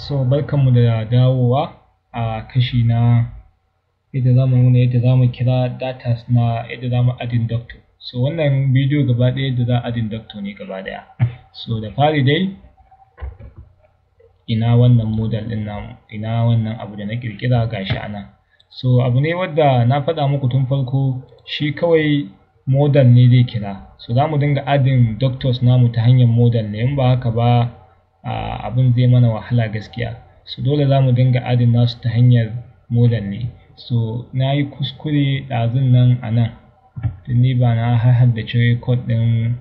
So barkanmu da dawowa a kashi na yadda za mu nuna yadda za mu kira data na yadda za mu adin doctor. So wannan bidiyo gaba ɗaya yadda za a adin doctor ne gaba ɗaya. So da fari dai ina wannan model ɗin namu ina wannan abu da na ƙirƙira gashi a nan. So abu ne wadda na faɗa muku tun farko shi kawai model ne zai kira. So za mu dinga adin doctors namu ta hanyar model ne in ba haka ba abin zai mana wahala gaskiya. So dole za mu dinga adin nasu ta hanyar model ne. So na yi kuskure ɗazun nan a nan, da ni ba na haddace code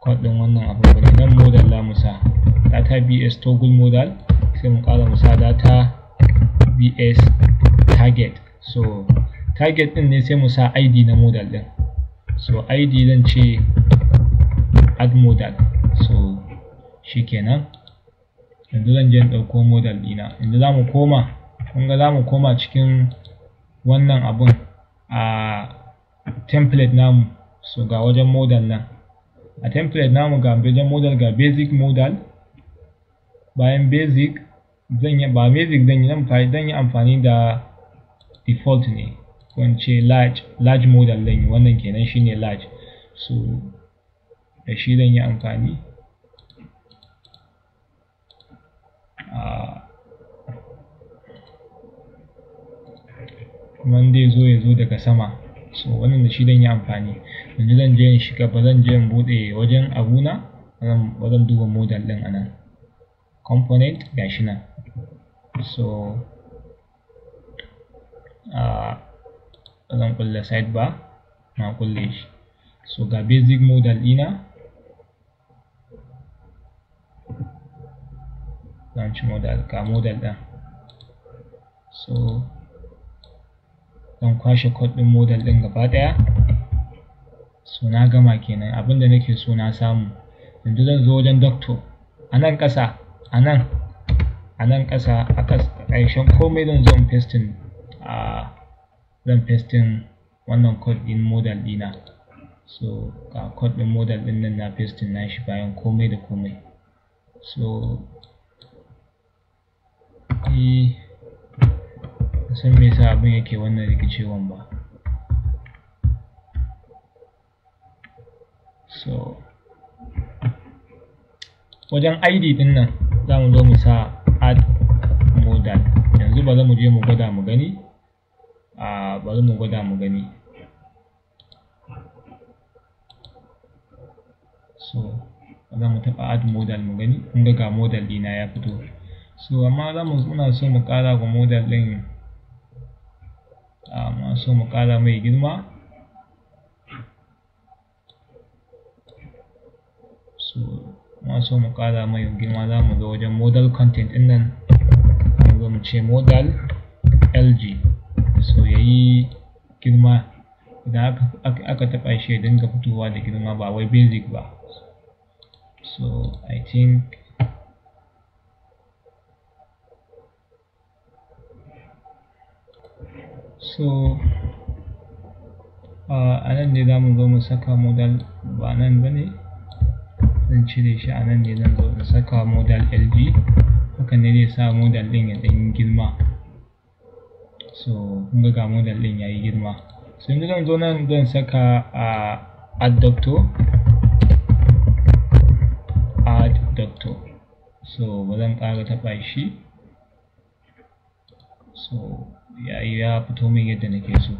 code ɗin wannan abu ba nan modal za mu sa data bs toggle modal sai mu ƙara mu sa data bs target. So target ɗin ne sai mu sa id na modal ɗin. So id zan ce add modal. So shikenan yanzu zan je in ɗauko model ɗina yanzu za mu koma kun ga za mu koma cikin wannan abun a template namu so ga wajen model nan a template namu ga wajen model ga basic model bayan basic zan yi ba basic zan yi amfani yi amfani da default ne ko ce large large model zan yi wannan kenan shine large so da shi zan yi amfani Ah. kaman dai zo ya zo daga sama so wannan da shi zan yi amfani yanzu zan je in shiga ba zan je in buɗe wajen abuna ba zan duba model ɗin anan component gashi nan so ah, zan kulle sidebar na kulle shi so ga basic model ɗina launch model ga model ɗin so zan kwashe code ɗin model ɗin gaba ɗaya so na gama kenan abinda nake so na samu yanzu zan zo wajen doctor a nan ƙasa a nan a nan ƙasa a ƙarshen komai zan zo pasting a zan pasting wannan code ɗin model ɗina so ga code ɗin model ɗin nan na pasting nashi bayan komai da komai so san me yasa abin yake wannan rikicewan ba. So, wajen ID din nan za mu zo mu sa add modal. Yanzu ba za mu je mu gwada mu gani, a bari mu gwada mu gani. So, za mu taɓa add modal mu gani, kun ga ga modal ɗina ya fito. so amma za muna so mu kara ga model ɗin amma ah, so mu kara mai girma so amma so mu kara mai girma za mu zo wajen model content din nan zo mu ce model lg so ya girma idan aka taɓa shi ya dinga fitowa da girma ba wai basic ba so i think so a nan ne za mu zo mu saka model ba nan ba ne zan cire shi a nan ne zan zo mu saka model lg haka ne zai sa model din ya ɗan girma so kun ga ga model din ya yi girma so yanzu zan zo nan zan saka a add doctor add doctor so ba zan ƙara taɓa shi so ya fito min yadda nake so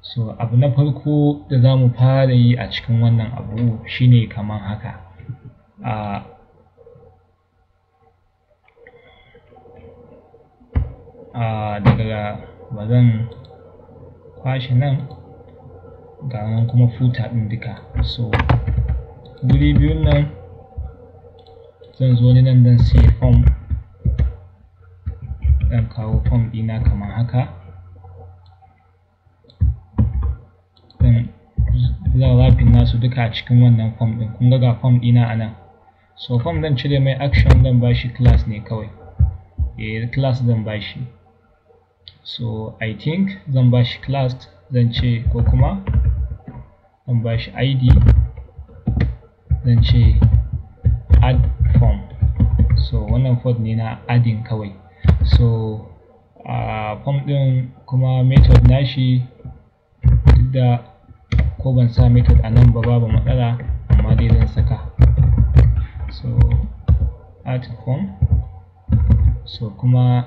so abu na farko da za mu fara yi a cikin wannan abu shine kamar haka a a daga ba zan kwashe nan ga nan kuma futa ɗin duka so guri biyun nan zan zo ni nan dan sai form zan kawo form ɗina kamar haka zan zan nasu duka a cikin wannan form ɗin kun ga form ɗina a nan so form zan cire mai action zan bashi class ne kawai eh class zan bashi so i think zan bashi class zan ce ko kuma zan bashi id zan ce add form so wannan form ne na adding kawai so a form din kuma method nashi duk da ko ban sa method a nan ba babu matsala amma dai zan saka so add form so kuma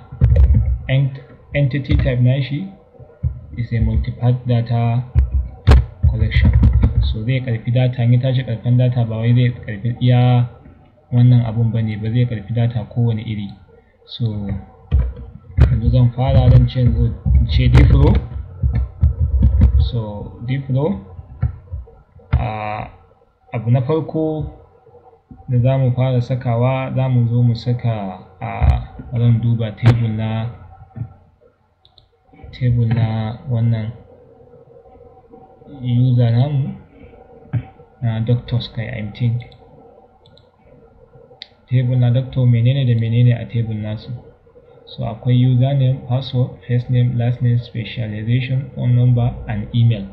entity type nashi is a multipart data collection so zai karfi data ni tashi karfin data ba wai zai karfi iya wannan abun bane ba zai karfi data kowane iri so yanzu zan fara zan ce ce difro so difro a abu na farko da za mu fara sakawa za mu zo mu saka a ran duba tebul na tebul na wannan user namu na doctors kai I'm table na doctor menene da menene a table nasu so akwai username password first name last name specialization phone number and email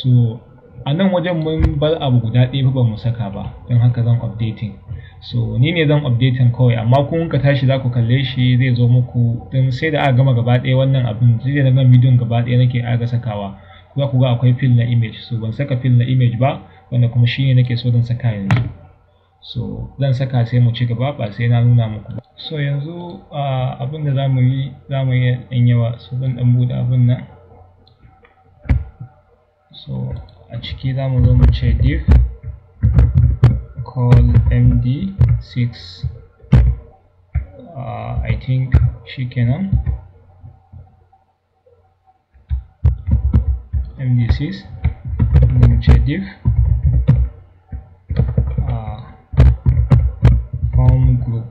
so a nan wajen mun bar abu guda ɗaya ba mu saka ba don haka zan updating so ni ne zan updating kawai amma kun ka tashi za ku kalle shi zai zo muku don sai da aka gama gaba ɗaya wannan abin zai da gama bidiyon gaba ɗaya nake aka sakawa za ku ga akwai fil na image so ban saka fil na image ba wanda kuma shi ne nake so don saka yanzu so zan saka sai mu ci gaba ba sai na nuna muku ba so yanzu abin da zamu yi za yi ɗan yawa so zan ɗan buɗe abin nan so a ciki zamu zo mu ce div call md6 uh, I think shi kenan md6 mu ce div home group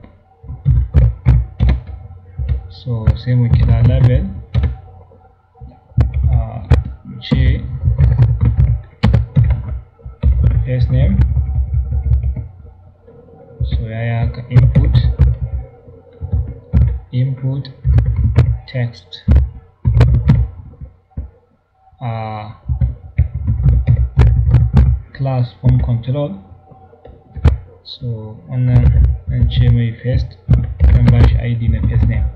so same mu kira label uh, a ce first name so I have input input text a uh, class form control so wannan zan ce mai first zan ba shi id na first name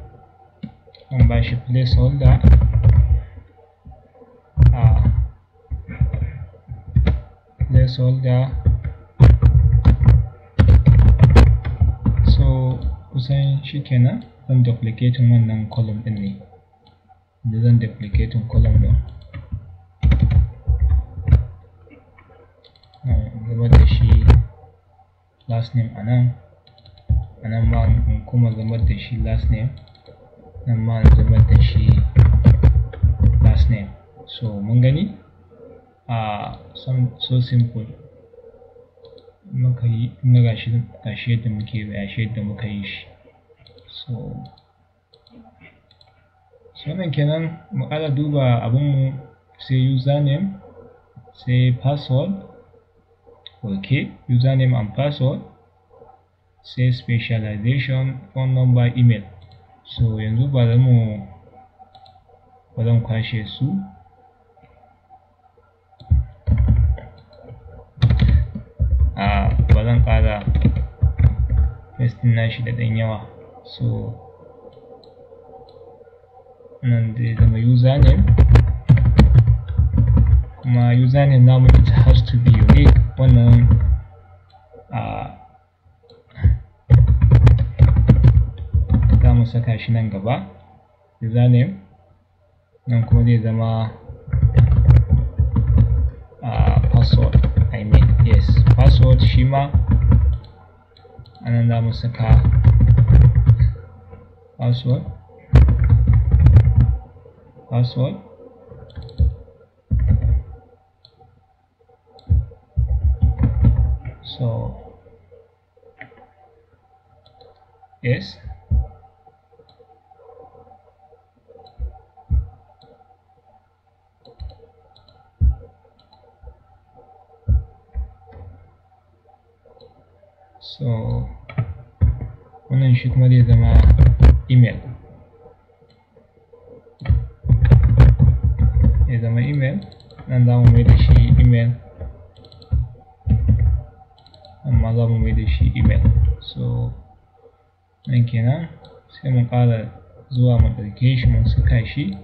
zan ba shi placeholder a placeholder so kusan shi kenan zan duplicating wannan column din ne da zan duplicating column din da shi last name a a nan ma in kuma zamar da shi last name nan ma in zama da shi last name so mun gani a ah, so simple muka yi na gashi gashi yadda muke gashi yadda muka yi shi so wannan kenan mu ƙara duba abinmu sai username sai password okay username and password sai specialization phone number email so yanzu ba za mu ba zan kwashe su a ah, ba zan ƙara pasting nashi da ɗan yawa so nan zai zama username kuma username namu it has to be unique wannan ah, mu saka shi nan gaba username nan kuma zai zama uh, password I mean yes password shi ma anan za mu saka password password so yes so wannan shi kuma zai zama email ya zama email nan za mu mai da shi email amma za mu mai da shi email so nan kenan sai mu ƙara zuwa mu ɗauke shi mu saka shi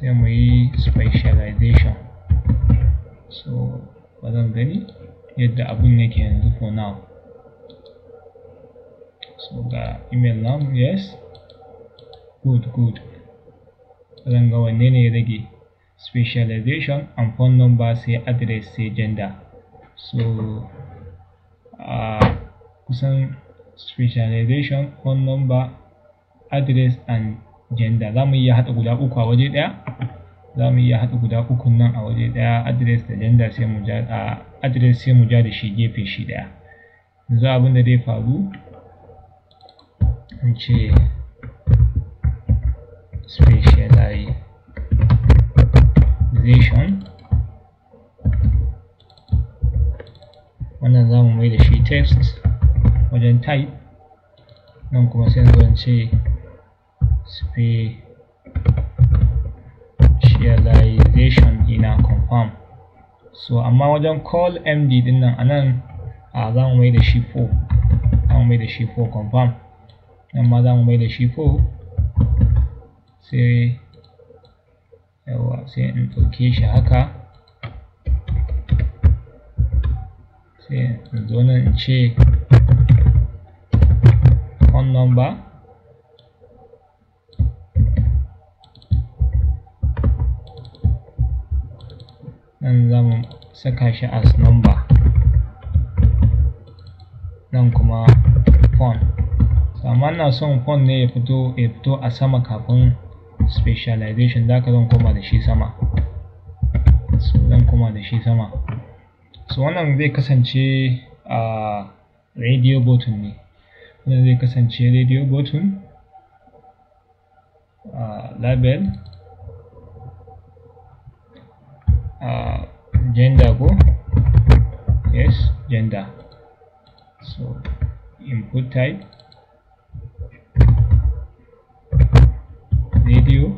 sai mu yi specialization so ba zan gani yadda abun yake yanzu for now so ga email namu yes good good zan ga wanne ne ya rage specialization and phone number sai address sai gender so kusan specialization phone number address and gender za mu iya haɗa guda uku a waje ɗaya za mu iya haɗa guda uku nan a waje ɗaya address da gender sai mu ja a address sai mu ja da shi gefe shi daya yanzu abin da zai faru in ce specialization wannan za mai da shi text wajen type nan kuma sai an ce specialization ina confirm so amma wajen call md din nan anan a za mu mai da shi 4 za mu mai da shi 4 confirm nan ma za mu mai da shi 4 sai yawa sai in ɗauke shi haka sai in zo nan in ce phone number nan zamu saka shi as number nan kuma font amma ina son phone ne ya fito ya fito a sama kafin specialization da ka zan koma da shi sama so zan koma da shi sama so wannan zai kasance a radio button ne wannan zai kasance radio button a label gender go yes gender so input type video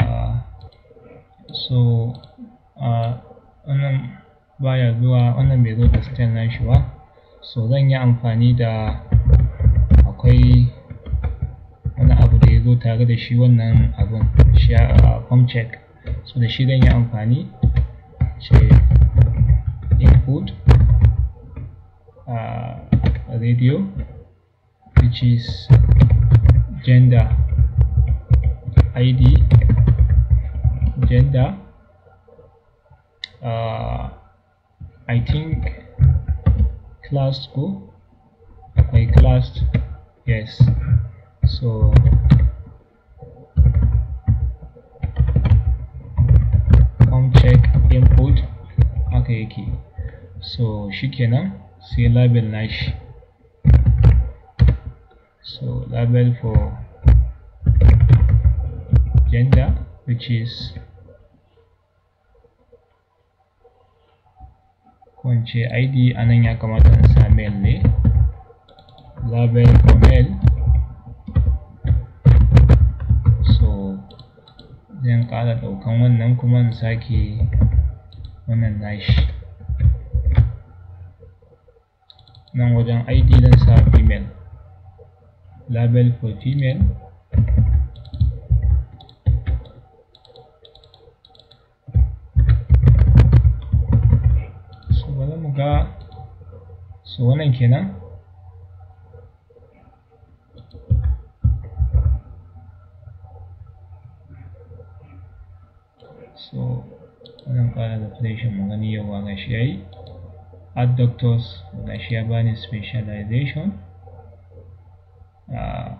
uh, so uh, wannan baya zuwa wannan bai zo da style nashi ba so zan yi amfani da akwai go tare da shi wannan abun form check so da shi zan yi amfani ce input uh, radio which is gender id gender uh, i think class go akwai class yes so yake so shikenan sai label nashi so label for gender which is kwance id anan ya kamata in sa male ne label for male so zan ƙara ɗaukan wannan kuma in sake wannan nashi nan wajen id zan sa female label for female so ga so wannan kenan gashi yayi art doctors shi ya bani specialization ah,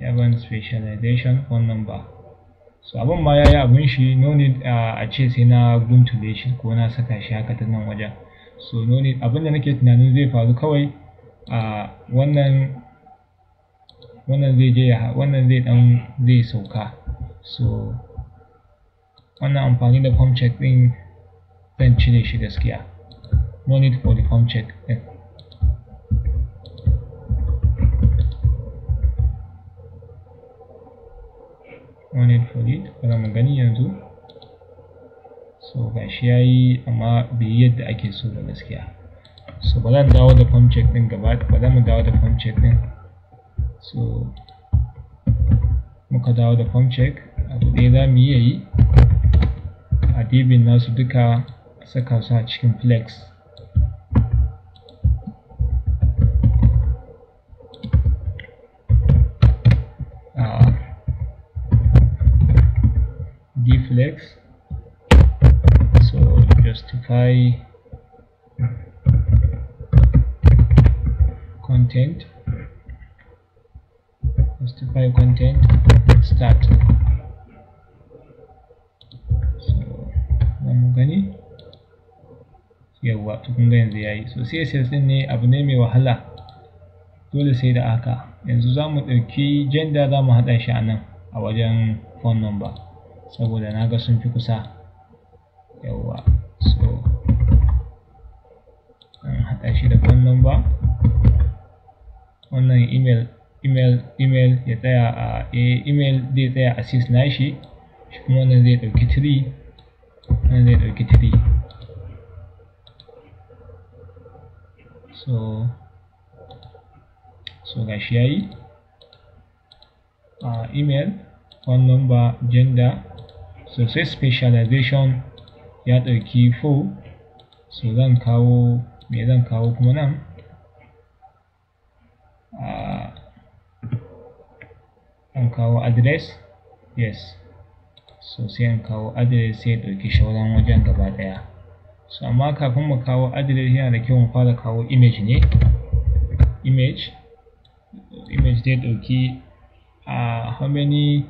ya bani specialization phone number so abin ma yi abun shi no need ah, a ce sai na guntule shi ko na saka shi haka ta nan wajen so no need abin da nake tunanin zai faru kawai a ah, wannan wannan zai je wannan zai dan zai sauka so wannan amfani da form check din zan cire shi gaskiya no need for the form check no need for it za mu gani yanzu so ga shi ya yi amma bai yadda ake so ba gaskiya so ba zan dawo da form check ɗin gaba ba za mu dawo da form check ɗin so muka dawo da form check abu ɗaya za mu yi a dibin nasu duka ise kavsal ilişkin flex so justify content justify content start yawwa tukun ga yanzu yayi so css din ne abu ne mai wahala dole sai da aka yanzu za mu ɗauki gender za mu haɗa shi a nan a wajen phone number saboda na ga sun fi kusa yawwa so an haɗa shi da phone number wannan email email email ya tsaya a eh, email zai tsaya a sys nashi shi kuma wannan zai ɗauki 3 wannan zai ɗauki 3 so so gashi yayi uh, email phone number gender so sai specialization ya ɗauki 4 so zan kawo me zan kawo kuma nan ah, an kawo address yes so sai an kawo address sai ɗauki shauran wajen gaba ɗaya so amma kafin mu kawo adadin yana da kyau mu fara kawo image ne image image dai dauki a how many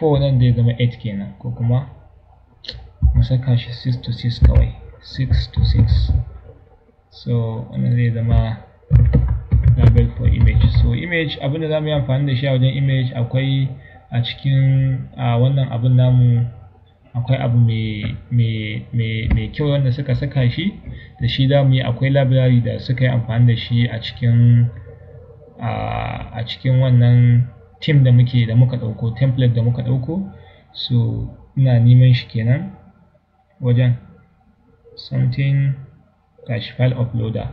4 nan zai zama 8 kenan ko kuma mu saka shi 6 to 6 kawai 6 to 6 so wannan zai zama label for image so image abinda za mu yi amfani da shi a wajen image akwai a cikin wannan abin namu akwai abu mai kyau wanda suka saka shi da shi za mu yi akwai labirari da suka yi amfani da shi a cikin wannan tim da muke da muka ɗauko template da muka ɗauko so ina neman shi kenan wajen something cache file uploader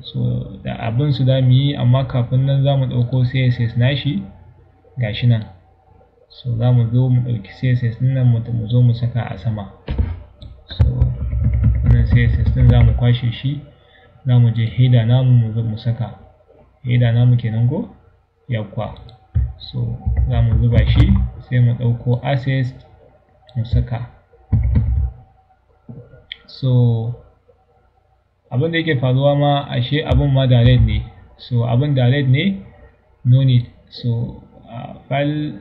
so da abin su za mu yi amma kafin nan za mu ɗauko css nashi gashi nan so za mu zo mu ɗauki css ɗin nan mu zo mu saka a sama so wannan css ɗin za mu kwashe shi za mu je header namu mu zo mu saka header namu kenan go yakwa so za mu zuba shi sai mu ɗauko access mu saka so abin da yake faruwa ma ashe abin ma direct ne so abin direct ne no need so uh, file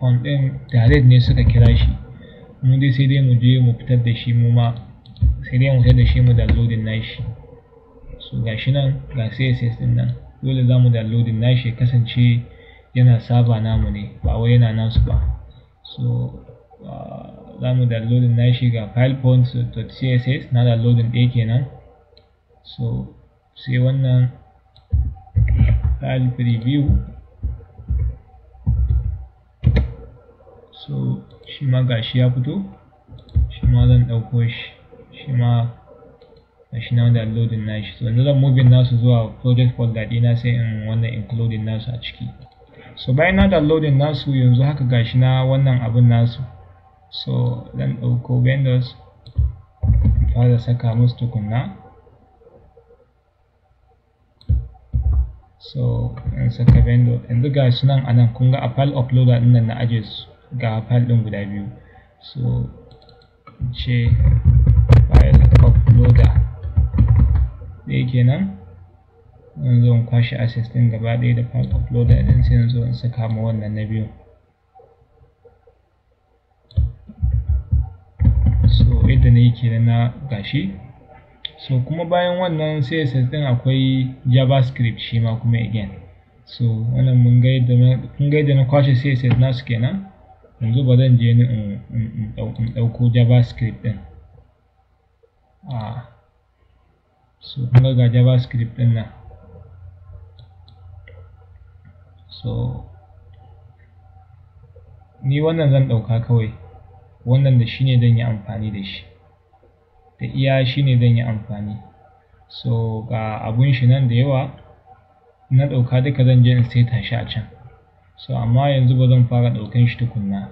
on ɗin Khalid ne suka kira shi mun dai sai dai mu je mu fitar da shi mu ma sai dai mu fitar da shi mu na nashi so ga shi nan ga css din nan dole za mu downloadin nashi shi kasance yana saba namu ne ba wai yana nasu ba so ah, za mu na nashi ga Css na downloadin ɗaya kenan so sai wannan file preview so shi ma gashi ya fito shi ma zan ɗauko shi shi ma shi na loadin na shi so zan mobin nasu zuwa project folder ɗina sai in wannan including nasu a ciki so bayan na downloading nasu yanzu haka gashi na wannan abin nasu so zan ɗauko vendors fara saka musu tukunna so in saka vendor yanzu ga sunan nan anan kun ga a file uploader ɗin nan na ajiye su ga file ɗin guda biyu so ce file uploader ɗaya kenan yanzu in kwashe access din gaba ɗaya da file uploader ɗin sai yanzu in saka ma wannan na biyu so yadda na yake kenan na gashi so kuma bayan wannan css din akwai javascript shi ma kuma again so wannan mun ga yadda na kwashe css nasu kenan yanzu ba zan je ni in ɗauko javascript ɗin a so kuma ga javascript ɗin nan so ni wannan zan ɗauka kawai wannan da shi ne zan yi amfani da shi da iya shi ne zan yi amfani so ga abun shi nan da yawa na ɗauka duka zan je in seta shi a can so amma yanzu ba zan fara ɗaukan shi tukunna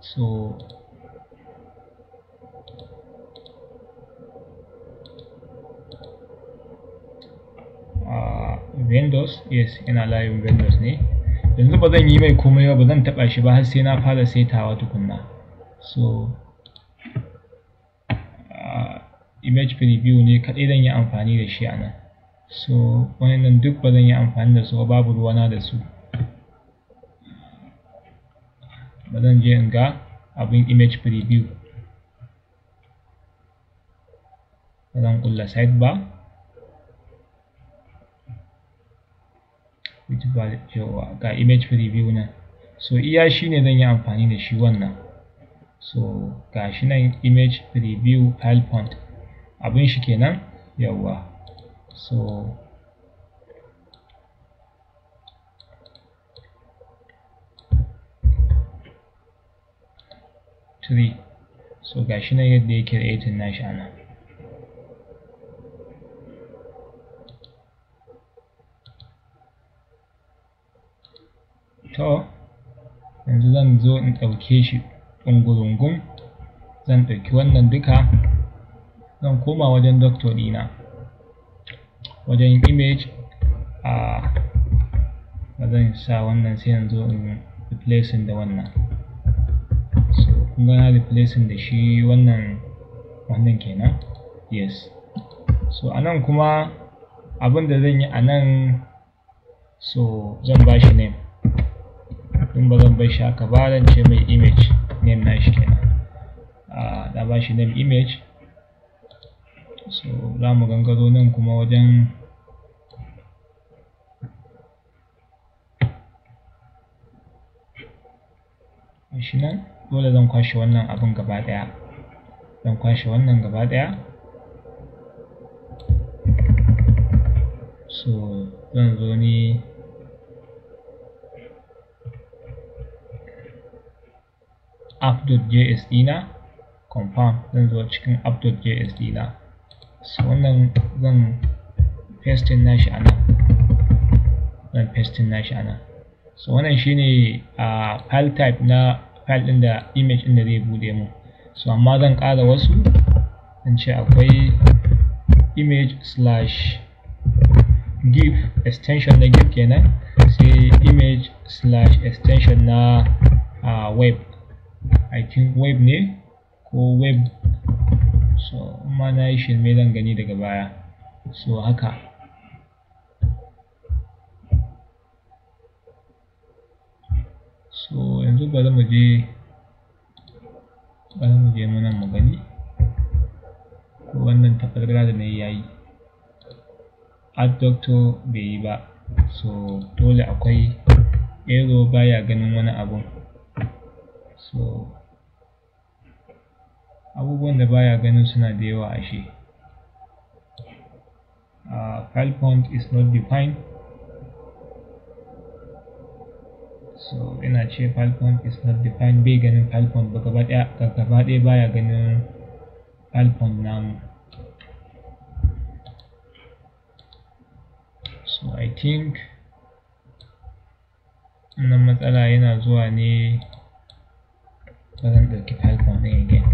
so vendors yes yana layin vendors ne yanzu ba zan yi mai komai ba ba zan taɓa shi ba har sai na fara saitawa tukunna so image preview ne kaɗai zan yi amfani da shi a nan so wayannan duk ba zan yi amfani da su ba babu ruwana da su ba zan je in ga abin image preview ba zan kulla sidebar which ba ga image preview nan so iya shi ne zan yi amfani da shi wannan so ga shi nan image preview file font abin shi kenan yawa so three so gashi nan yadda yake rating nashi a to yanzu zan zo in ɗauke shi ɗungurungun zan ɗauki wannan duka zan koma wajen doctor ɗina wajen image a zan sa wannan sai yanzu in replacing da wannan so kun gana replacing da shi wannan wannan kenan yes so anan kuma abin da zan yi anan so zan ba shi name in ba zan bai shi aka ba zan ce mai image name na shi kenan da ba shi name image so za mu gangaro nan kuma wajen shi nan dole zan kwashe wannan abin gaba daya zan kwashe wannan gaba daya so zan zo ni app.js dina confirm zan zo cikin app.js dina so wannan zan pasting nashi a nan zan pasting nashi a nan so wannan shine a file type na file ɗin da image ɗin da zai bude mu so amma zan ƙara wasu zan ce akwai image slash gif extension na gif kenan sai image slash extension na uh, web i think web ne ko web so in ma na yi shirme zan gani daga baya so haka so yanzu bari mu je bari mu je munan mu gani ko wannan takardar da na yi yayi ad doctor bai yi ba so dole akwai ero baya ganin wani abun so abubuwan da baya ganin suna da yawa ashe uh, file point is not defined so ina ce file point is not defined bai ganin file point ba gaba daya baya ganin file point namu so i think wannan matsala yana zuwa ne ba zan ɗauki file point ɗin again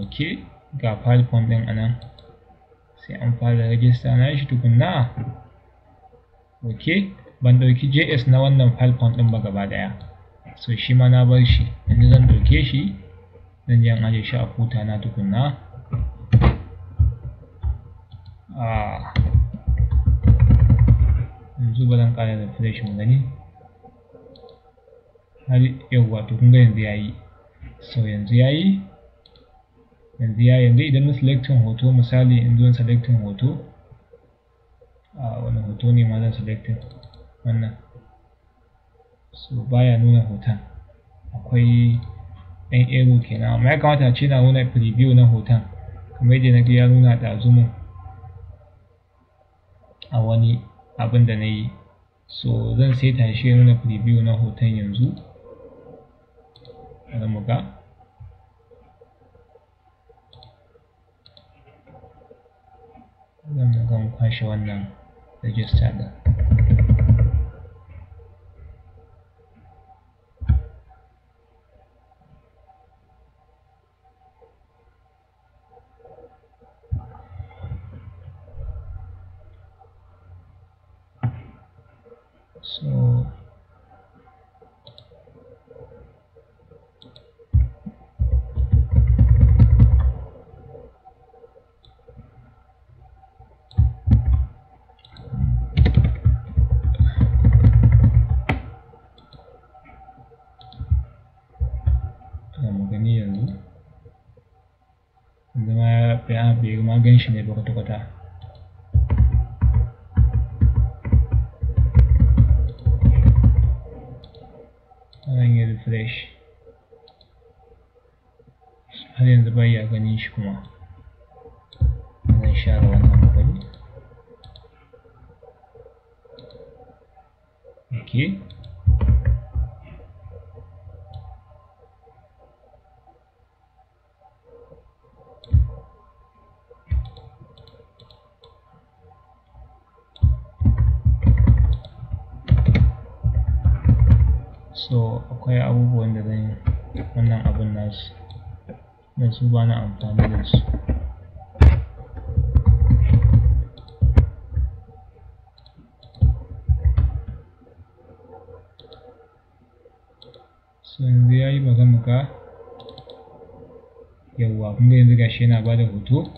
ok ga file form din anan sai an fara rajista na shi tukunna ok ban dauki js na wannan file form din ba gaba daya so shi ma na bar shi yanzu zan dauke shi zan je an aje shi a kuta na tukunna ah yanzu ba zan kara refresh mu gani har yauwa yanzu yayi so yanzu yayi yanzu ya yanzu idan na selectin hoto misali in zuwan selectin hoto a wani hoto ne ma zan selectin wannan so baya nuna hoton akwai ɗan arrow kenan amma ya kamata a ce na nuna preview na hoton kamar yadda na ga ya nuna da ɗazumin a wani abin da na yi so zan saita shi ya nuna preview na hoton yanzu bari mu ga zan ga kwashe wannan rijista ɗin женщиной благодаря. don su ba na amfani da su yanzu ya yi ba mu ga yawwa kun ga yanzu gashi yana ba da hoto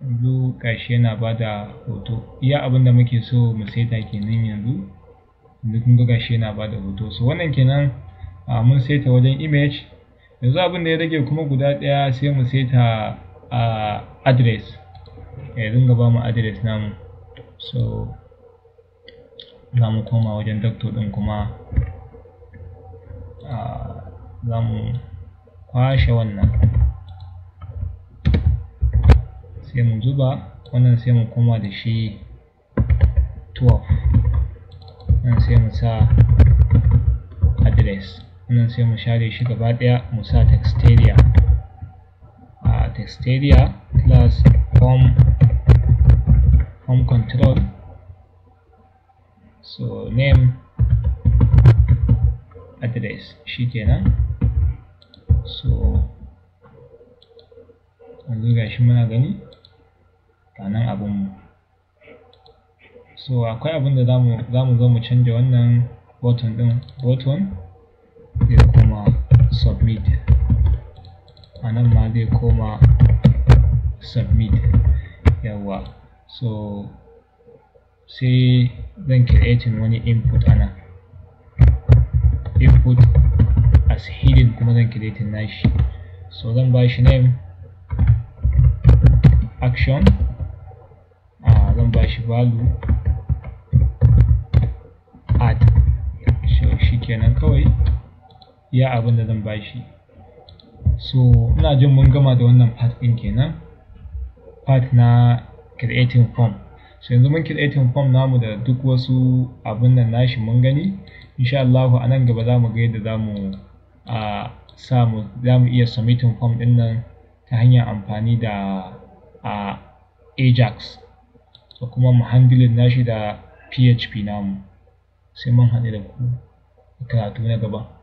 yanzu gashi yana ba da hoto iya abin da muke so mu saita kenan yanzu yanzu kun ga gashi yana ba da hoto so wannan kenan ah, mun saita wajen image yanzu abin da ya rage kuma guda ɗaya sai mu seta a address ya dinga ba mu address namu so za mu koma wajen dokto ɗin kuma za mu kwashe wannan sai mu zuba wannan sai mu koma da shi 12 nan sai mu sa address nan sai mu share shi gaba daya mu sa texteria a texteria class form form control so name address shikenan so yanzu ga shi muna gani ga nan abinmu so akwai abin da za mu zo mu canja wannan button din button zai koma submit a nan ma zai koma submit yawwa so sai zan creating wani input ana input as hidden kuma zan creating nashi so zan ba shi name action uh, zan ba shi value add shi kenan kawai Ya abin da zan bashi so ina jin mun gama da wannan part ɗin kenan part na creating form so yanzu mun creating form namu da duk wasu abin da nashi mun gani insha Allah a nan gaba za mu ga yadda za a samu zamu iya submitting form din nan ta hanyar amfani da a Ajax da kuma mu handle nashi da PHP namu sai mun haɗu da ku karatu na gaba